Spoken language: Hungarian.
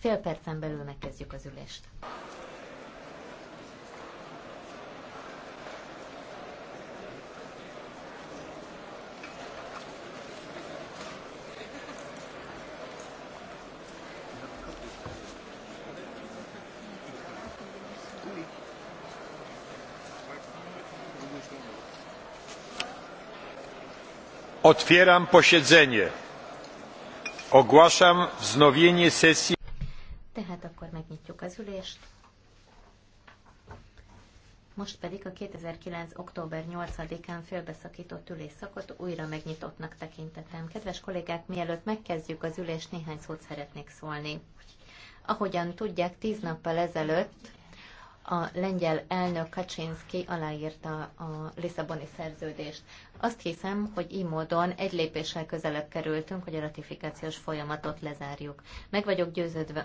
Fél percen belül megkezdjük az ülést. otwieram posiedzenie ogłaszam wznowienie sesji tehát akkor megnyitjuk az ülést. Most pedig a 2009. október 8-án félbeszakított ülésszakot újra megnyitottnak tekintetem. Kedves kollégák, mielőtt megkezdjük az ülést, néhány szót szeretnék szólni. Ahogyan tudják, tíz nappal ezelőtt a lengyel elnök Kaczynski aláírta a Lisszaboni szerződést. Azt hiszem, hogy így módon egy lépéssel közelebb kerültünk, hogy a ratifikációs folyamatot lezárjuk. Meg vagyok győződve